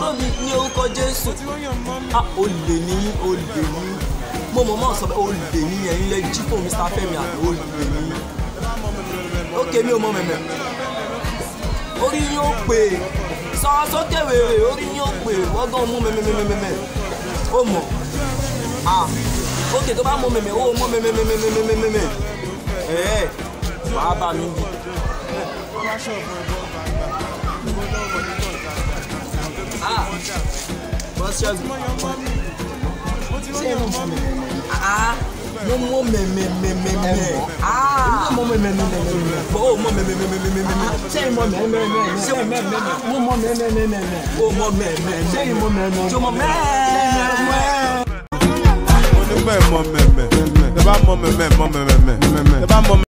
mọ́ mi ní orúkọ Jésù a olè ní olè ní mo mọ̀ mọ́ sọ pé olè ní ẹ̀yin lẹ jí fún Mr Fẹ́mi àti olè ní ok mi ò mọ mẹ̀mẹ̀ orí yín ó pè sọ̀rọ̀ sókè wèrè orí yín ó pè wọ́gán mú mẹ́mẹ́mẹ́mẹ́mẹ́ ó mọ̀ ah ok tó bá mọ mẹ̀mẹ́ ó mọ mẹ́mẹ́mẹ́mẹ́mẹ́mẹ́ ẹ̀ẹ́ wàá bá mi bì. What's Say no for me. Ah. No more me me me me me. Ah. No more me me me me me. Oh, more me me me me me me me. Say more me me me me. Say me me me. No more me me me me me. Oh, more me me. Say more me me. Say more me. Onígbà ẹ̀ mọ̀ mẹ̀mẹ̀, ẹ bá mọ̀ mẹ̀mẹ̀ mọ̀ mẹ̀mẹ̀ mẹ̀mẹ̀, ẹ bá mọ̀ mẹ̀mẹ̀.